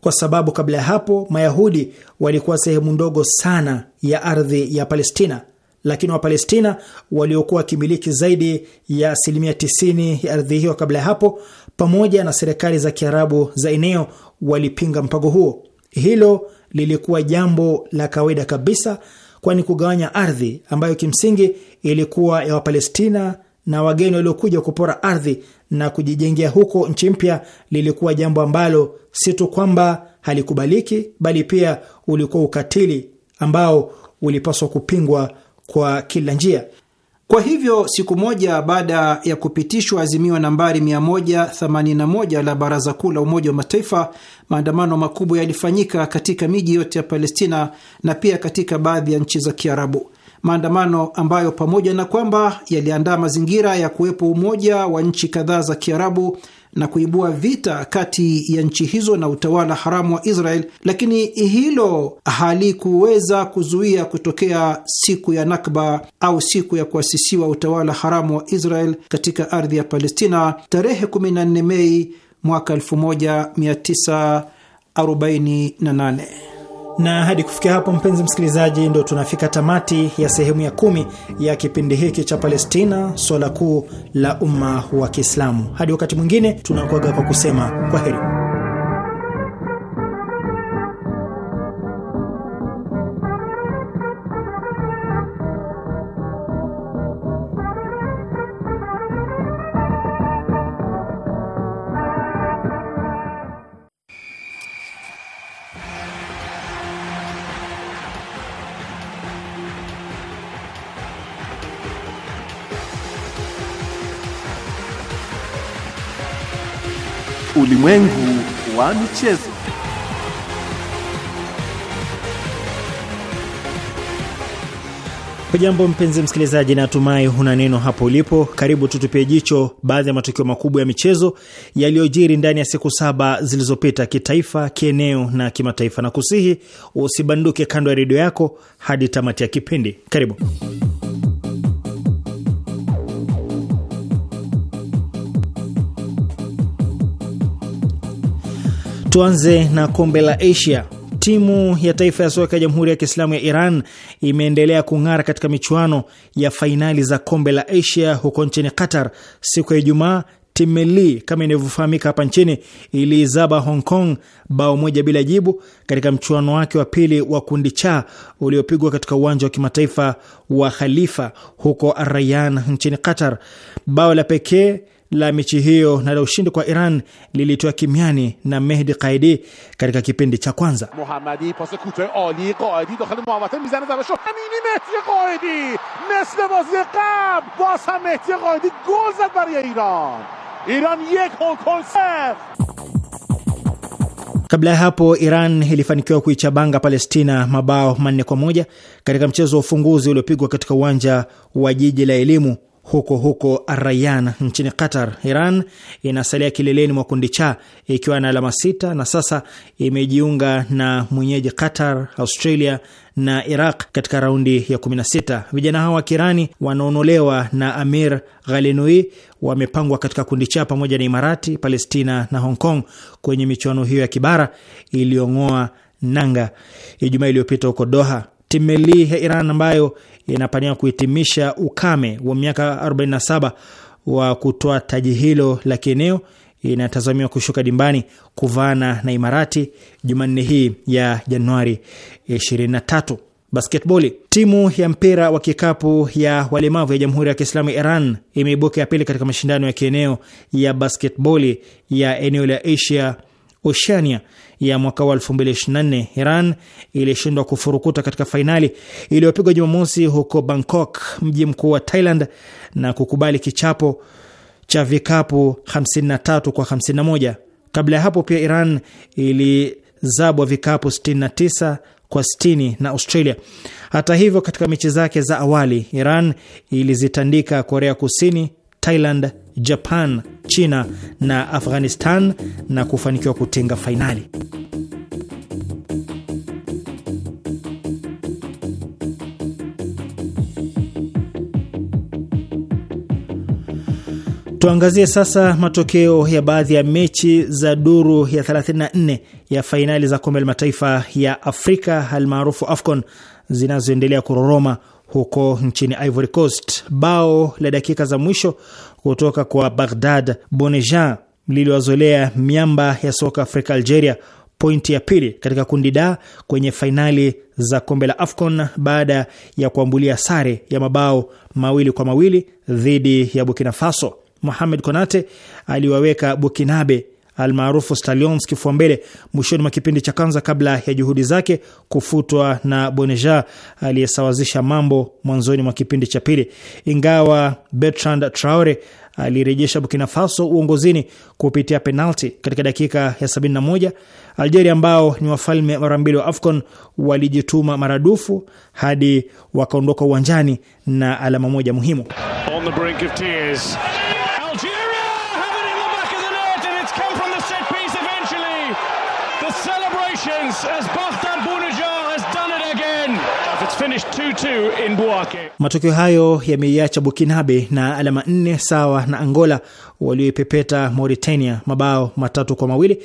kwa sababu kabla ya hapo Mayahudi walikuwa sehemu ndogo sana ya ardhi ya Palestina lakini Wapalestina waliokuwa wakimiliki zaidi ya asilimia 90 ya ardhi hiyo kabla ya hapo, pamoja na serikali za Kiarabu za eneo walipinga mpango huo. Hilo lilikuwa jambo la kawaida kabisa, kwani kugawanya ardhi ambayo kimsingi ilikuwa ya Wapalestina na wageni waliokuja kupora ardhi na kujijengea huko nchi mpya lilikuwa jambo ambalo si tu kwamba halikubaliki, bali pia ulikuwa ukatili ambao ulipaswa kupingwa kwa kila njia. Kwa hivyo siku moja baada ya kupitishwa azimio nambari 181 la Baraza Kuu la Umoja wa Mataifa, maandamano makubwa yalifanyika katika miji yote ya Palestina na pia katika baadhi ya nchi za Kiarabu, maandamano ambayo pamoja na kwamba yaliandaa mazingira ya kuwepo umoja wa nchi kadhaa za Kiarabu na kuibua vita kati ya nchi hizo na utawala haramu wa Israel, lakini hilo halikuweza kuzuia kutokea siku ya Nakba au siku ya kuasisiwa utawala haramu wa Israel katika ardhi ya Palestina tarehe 14 Mei mwaka 1948. Na hadi kufikia hapo, mpenzi msikilizaji, ndo tunafika tamati ya sehemu ya kumi ya kipindi hiki cha Palestina, swala kuu la umma wa Kiislamu. Hadi wakati mwingine, tunakuaga kwa kusema kwa heri. Ulimwengu wa michezo. jambo mpenzi msikilizaji, natumai huna neno hapo ulipo. Karibu tutupie jicho baadhi ya matukio makubwa ya michezo yaliyojiri ndani ya siku saba zilizopita, kitaifa, kieneo na kimataifa, na kusihi usibanduke kando ya redio yako hadi tamati ya kipindi. Karibu. Tuanze na kombe la Asia. Timu ya taifa ya soka ya Jamhuri ya Kiislamu ya Iran imeendelea kung'ara katika michuano ya fainali za kombe la Asia huko nchini Qatar. Siku ya Ijumaa, Timeli kama inavyofahamika hapa nchini iliizaba Hong Kong bao moja bila jibu katika mchuano wake wa pili wa kundi cha uliopigwa katika uwanja wa kimataifa wa Khalifa huko Ar nchini Qatar. Bao la pekee la mechi hiyo na la ushindi kwa Iran lilitoa kimiani na Mehdi Qaidi katika kipindi cha kwanza. kutoe ali Qaidi dakhil mizane amini Mehdi Qaidi bazi qabl bas ham Mehdi Qaidi gol zad Iran Iran yek Hong Kabla ya hapo Iran ilifanikiwa kuichabanga Palestina mabao manne kwa moja katika mchezo wa ufunguzi uliopigwa katika uwanja wa jiji la elimu huko huko arayan nchini Qatar. Iran inasalia kileleni mwa kundi cha ikiwa na alama sita na sasa imejiunga na mwenyeji Qatar, Australia na Iraq katika raundi ya 16. Vijana hao wa Kirani wanaonolewa na Amir Ghalinui wamepangwa katika kundi cha pamoja na Imarati, Palestina na Hong Kong kwenye michuano hiyo ya kibara iliyong'oa nanga Ijumaa iliyopita huko Doha timeli ya Iran ambayo inapania kuhitimisha ukame wa miaka 47 wa kutoa taji hilo la kieneo inatazamiwa kushuka dimbani kuvaana na Imarati Jumanne hii ya Januari 23. Basketboli. Timu ya mpira wa kikapu ya walemavu ya Jamhuri ya Kiislamu ya Iran imeibuka ya pili katika mashindano ya kieneo ya basketboli ya eneo la Asia Oshania ya mwaka wa 2024 Iran ilishindwa kufurukuta katika fainali iliyopigwa Jumamosi huko Bangkok, mji mkuu wa Thailand, na kukubali kichapo cha vikapu 53 kwa 51. Kabla ya hapo pia Iran ilizabwa vikapu 69 kwa 60 na Australia. Hata hivyo, katika mechi zake za awali Iran ilizitandika Korea Kusini Thailand, Japan, China na Afghanistan na kufanikiwa kutinga fainali. Tuangazie sasa matokeo ya baadhi ya mechi za duru ya 34 ya fainali za kombe la mataifa ya Afrika almaarufu AFCON zinazoendelea kuroroma huko nchini Ivory Coast. Bao la dakika za mwisho kutoka kwa Baghdad Bonejan liliwazolea miamba ya soka Afrika Algeria pointi ya pili katika kundi da kwenye fainali za kombe la AFCON baada ya kuambulia sare ya mabao mawili kwa mawili dhidi ya Burkina Faso. Mohamed Konate aliwaweka Bukinabe almaarufu Stallions kifua mbele mwishoni mwa kipindi cha kwanza, kabla ya juhudi zake kufutwa na Boneja aliyesawazisha mambo mwanzoni mwa kipindi cha pili. Ingawa Bertrand Traore alirejesha Burkina Faso uongozini kupitia penalti katika dakika ya 71, Algeria ambao ni wafalme mara mbili wa AFCON walijituma maradufu hadi wakaondoka uwanjani na alama moja muhimu On the brink of tears. Matokeo hayo yameiacha Bukinabe na alama nne sawa na Angola walioipepeta Mauritania mabao matatu kwa mawili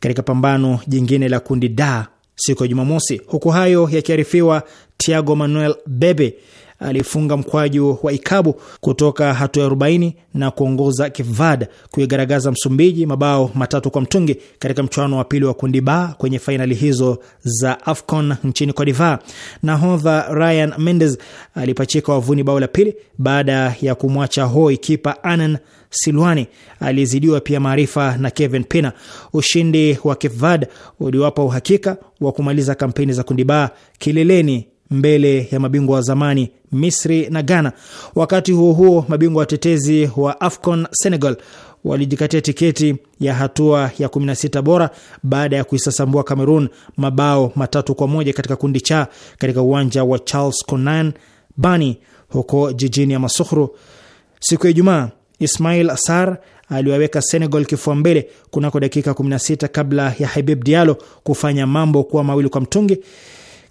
katika pambano jingine la kundi da siku ya Jumamosi. Huku hayo yakiarifiwa, Tiago Manuel Bebe alifunga mkwaju wa ikabu kutoka hatua ya 40 na kuongoza Kivada kuigaragaza Msumbiji mabao matatu kwa mtungi katika mchuano wa pili wa kundi ba kwenye fainali hizo za AFCON nchini Cote d'Ivoire. Nahodha Ryan Mendes alipachika wavuni bao la pili baada ya kumwacha hoi kipa Anan Silwani aliyezidiwa pia maarifa na Kevin Pina. Ushindi wa Cape uliwapa uhakika wa kumaliza kampeni za kundi ba kileleni mbele ya mabingwa wa zamani Misri na Ghana. Wakati huo huo, mabingwa watetezi wa AFCON Senegal walijikatia tiketi ya hatua ya 16 bora baada ya kuisasambua Cameroon mabao matatu kwa moja katika kundi cha katika uwanja wa Charles Konan Bani huko jijini ya Masukhru siku ya Ijumaa. Ismail Assar aliwaweka Senegal kifua mbele kunako dakika 16 kabla ya Habib Diallo kufanya mambo kuwa mawili kwa mtungi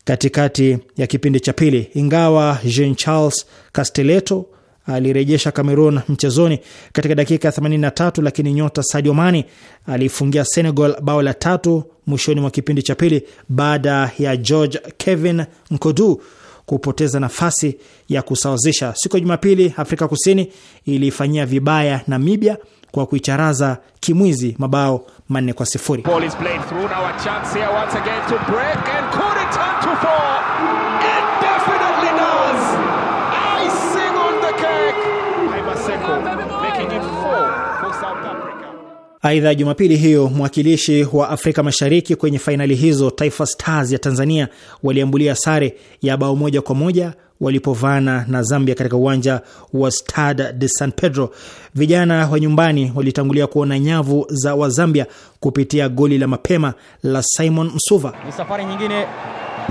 katikati ya kipindi cha pili. Ingawa Jean Charles Castelletto alirejesha Cameroon mchezoni katika dakika ya 83, lakini nyota Sadio Mane aliifungia Senegal bao la tatu mwishoni mwa kipindi cha pili baada ya George Kevin Nkodu kupoteza nafasi ya kusawazisha. Siku ya Jumapili, Afrika Kusini ilifanyia vibaya Namibia kwa kuicharaza kimwizi mabao manne kwa sifuri. Aidha, Jumapili hiyo mwakilishi wa Afrika Mashariki kwenye fainali hizo Taifa Stars ya Tanzania waliambulia sare ya bao moja kwa moja walipovana na Zambia katika uwanja wa Stade de San Pedro. Vijana wa nyumbani walitangulia kuona nyavu za Wazambia kupitia goli la mapema la Simon Msuva. Ni safari nyingine,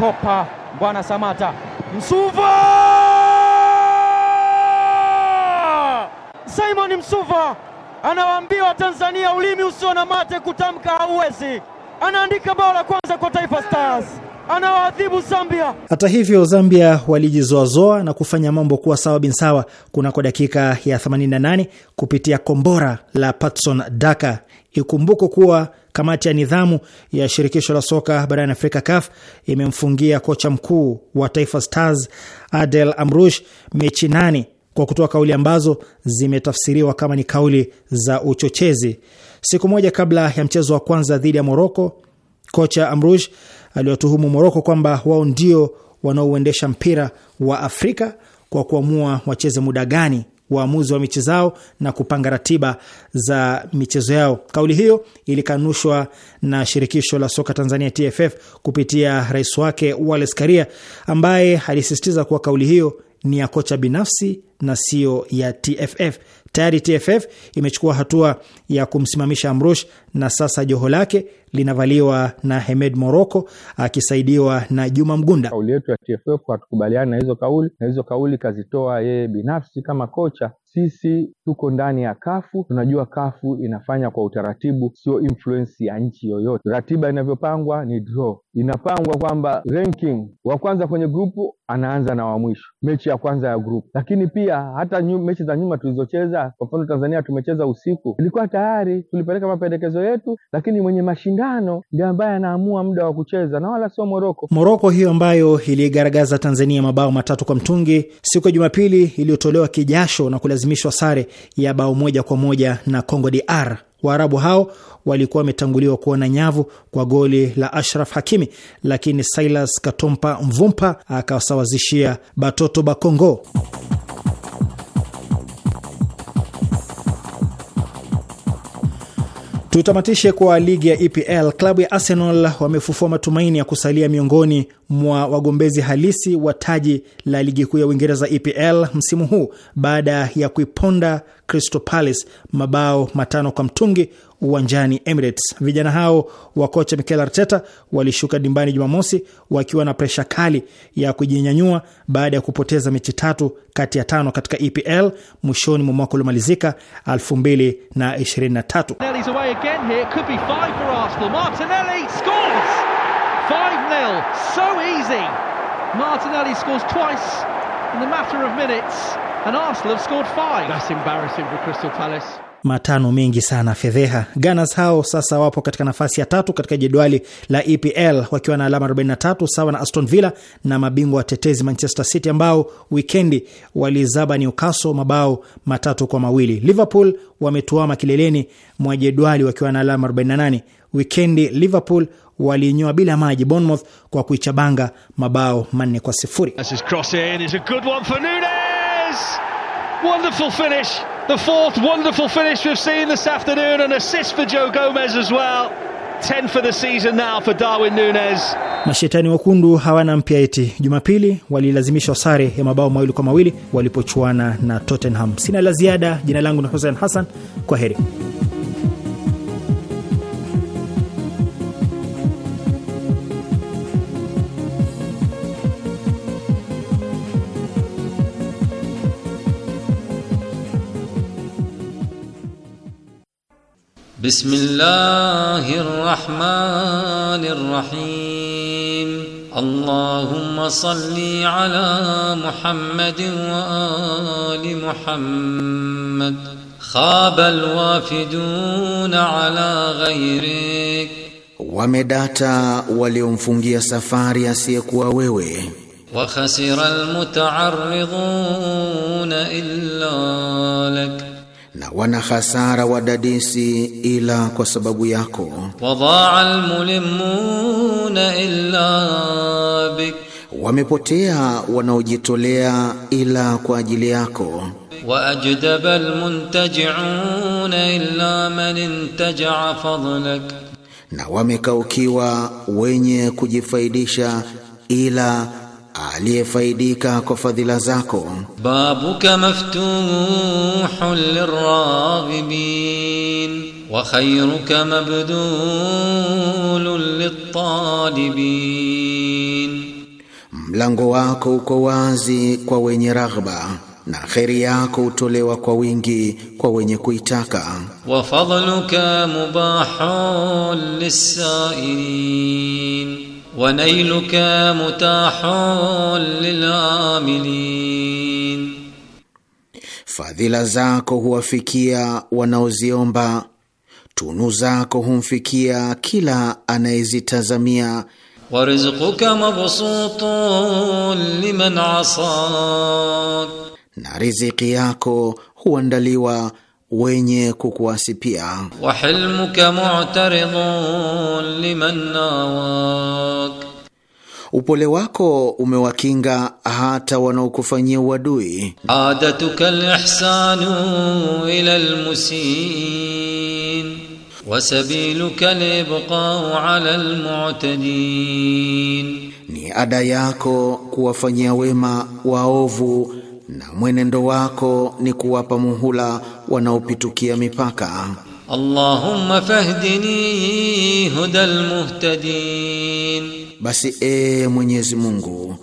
popa Bwana Samata Msuva anawaambia Watanzania ulimi usio na mate kutamka hauwezi. Anaandika bao la kwanza kwa Taifa Stars, anawaadhibu Zambia. Hata hivyo, Zambia walijizoazoa na kufanya mambo kuwa sawa bin sawa kunako dakika ya 88 kupitia kombora la Patson Daka. Ikumbuko kuwa kamati ya nidhamu ya shirikisho la soka barani Afrika, CAF, imemfungia kocha mkuu wa Taifa Stars Adel Amrush mechi nane kwa kutoa kauli ambazo zimetafsiriwa kama ni kauli za uchochezi. Siku moja kabla ya mchezo wa kwanza dhidi ya Moroko, kocha Amrouche aliwatuhumu Moroko kwamba wao ndio wanaouendesha mpira wa Afrika kwa kuamua wacheze muda gani, waamuzi wa mechi zao na kupanga ratiba za michezo yao. Kauli hiyo ilikanushwa na shirikisho la soka Tanzania TFF kupitia rais wake Wallace Karia ambaye alisisitiza kuwa kauli hiyo ni ya kocha binafsi na siyo ya TFF. Tayari TFF imechukua hatua ya kumsimamisha Amrush na sasa joho lake linavaliwa na Hemed Moroko akisaidiwa na Juma Mgunda. Kauli yetu ya TFF hatukubaliani na hizo kauli, na hizo kauli kazitoa yeye binafsi kama kocha sisi tuko ndani ya kafu, tunajua kafu inafanya kwa utaratibu, sio influence ya nchi yoyote. Ratiba inavyopangwa ni draw, inapangwa kwamba ranking wa kwanza kwenye grupu anaanza na wa mwisho, mechi ya kwanza ya grupu. Lakini pia hata nyu, mechi za nyuma tulizocheza, kwa mfano Tanzania tumecheza usiku, ilikuwa tayari tulipeleka mapendekezo yetu, lakini mwenye mashindano ndio ambaye anaamua muda wa kucheza na wala sio Moroko. Moroko hiyo ambayo iliigaragaza Tanzania mabao matatu kwa mtungi siku ya Jumapili, iliyotolewa kijasho na walilazimishwa sare ya bao moja kwa moja na Congo DR. Waarabu hao walikuwa wametanguliwa kuona nyavu kwa goli la Ashraf Hakimi, lakini Silas Katompa Mvumpa akawasawazishia Batoto Bakongo. Tutamatishe kwa ligi ya EPL. Klabu ya Arsenal wamefufua matumaini ya kusalia miongoni mwa wagombezi halisi wa taji la ligi kuu ya Uingereza EPL msimu huu baada ya kuiponda Crystal Palace mabao matano kwa mtungi uwanjani Emirates. Vijana hao wa kocha Mikel Arteta walishuka dimbani Jumamosi wakiwa na presha kali ya kujinyanyua baada ya kupoteza mechi tatu kati ya tano katika EPL mwishoni mwa mwaka uliomalizika 2023. 1-0, So easy. Martinelli scores twice in the matter of minutes, and Arsenal have scored five. That's embarrassing for Crystal Palace. Matano mengi sana fedheha. Gunners hao sasa wapo katika nafasi ya tatu katika jedwali la EPL wakiwa na alama 43 sawa na Aston Villa na mabingwa watetezi Manchester City ambao wikendi walizaba Newcastle mabao matatu kwa mawili. Liverpool wametuama kileleni mwa jedwali wakiwa na alama 48 Wikendi Liverpool walinyoa bila maji Bournemouth kwa kuichabanga mabao manne kwa sifuri. Mashetani wekundu hawana mpya eti. Jumapili walilazimishwa sare ya mabao mawili kwa mawili walipochuana na Tottenham. Sina la ziada. Jina langu ni Hussein Hassan, kwa heri. بسم الله الرحمن الرحيم اللهم صل على محمد وآل محمد خاب الوافدون على غيرك ومداتا waliomfungia safari asiyekuwa wewe وخسر المتعرضون إلا لك na wana hasara wadadisi ila kwa sababu yako. Wadaa almulimuna illa bik, wamepotea wanaojitolea ila kwa ajili yako. Wa ajdaba almuntajiuna illa man intaja fadlak, na wamekaukiwa wenye kujifaidisha ila aliyefaidika kwa fadhila zako. Babuka maftuhun liraghibin wa khayruka mabdulun litalibin, mlango wako uko wazi kwa wenye raghba na kheri yako hutolewa kwa wingi kwa wenye kuitaka. Wa fadluka mubahun lisailin ونيلك متاح للعاملين fadhila zako huwafikia wanaoziomba tunu zako humfikia kila anayezitazamia warizquka mabsutun liman asad na riziki yako huandaliwa wenye kukuasi pia. wa hilmuka mu'taridun liman nawak, upole wako umewakinga hata wanaokufanyia uadui. adatuka alihsanu ila almusin wa sabiluka libqa'u ala almu'tadin, ni ada yako kuwafanyia wema waovu na mwenendo wako ni kuwapa muhula wanaopitukia mipaka. Allahumma fahdini hudal muhtadin, basi e Mwenyezi Mungu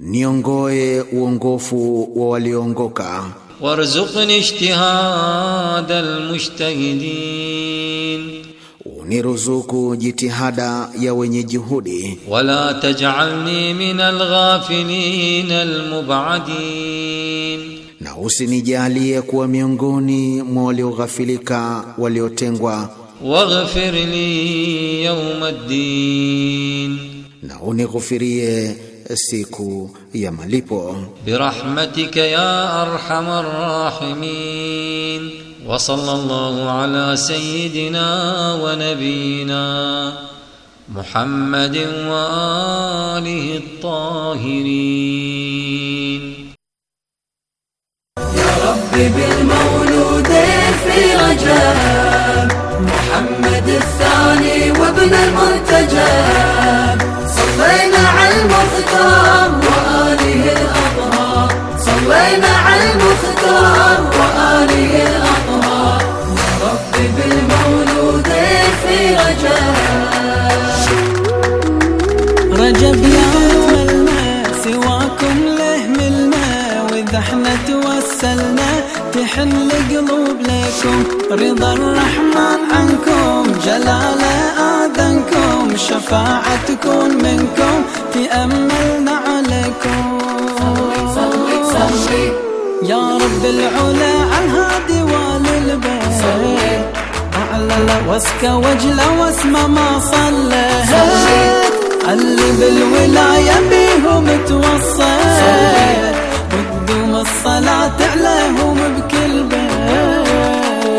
niongoe uongofu wa walioongoka. Warzuqni ijtihadal mujtahidin uniruzuku jitihada ya wenye juhudi. Wala tajalni min alghafilin almubadin, na usinijalie kuwa miongoni mwa walioghafilika waliotengwa. Waghfir li yawma ddin, na unighufirie siku ya malipo. Birahmatika ya arhamar rahimin. Wa sallallahu ala sayyidina wa nabiyina Muhammadin wa alihi at-tahirin حبيب المولود في رجاب محمد الثاني وابن المنتجب صلينا على المختار وآله الأطهار صلينا على المختار وآله الأطهار ربي بالمولود في رجاب رجب يا الماء سواكم له ملنا احنا توسع ارسلنا تحل قلوب لكم رضا الرحمن عنكم جلاله اذنكم شفاعه تكون منكم تاملنا عليكم صلي صلي يا رب العلا على هادي والبيت اعلى واسك وجله واسمى ما صلى اللي بالولايه بيهم توصل الصلاة عليهم بكل بيت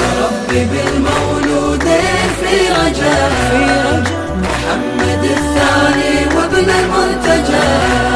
يا ربي بالمولودين في رجاء محمد الثاني وابن المرتجى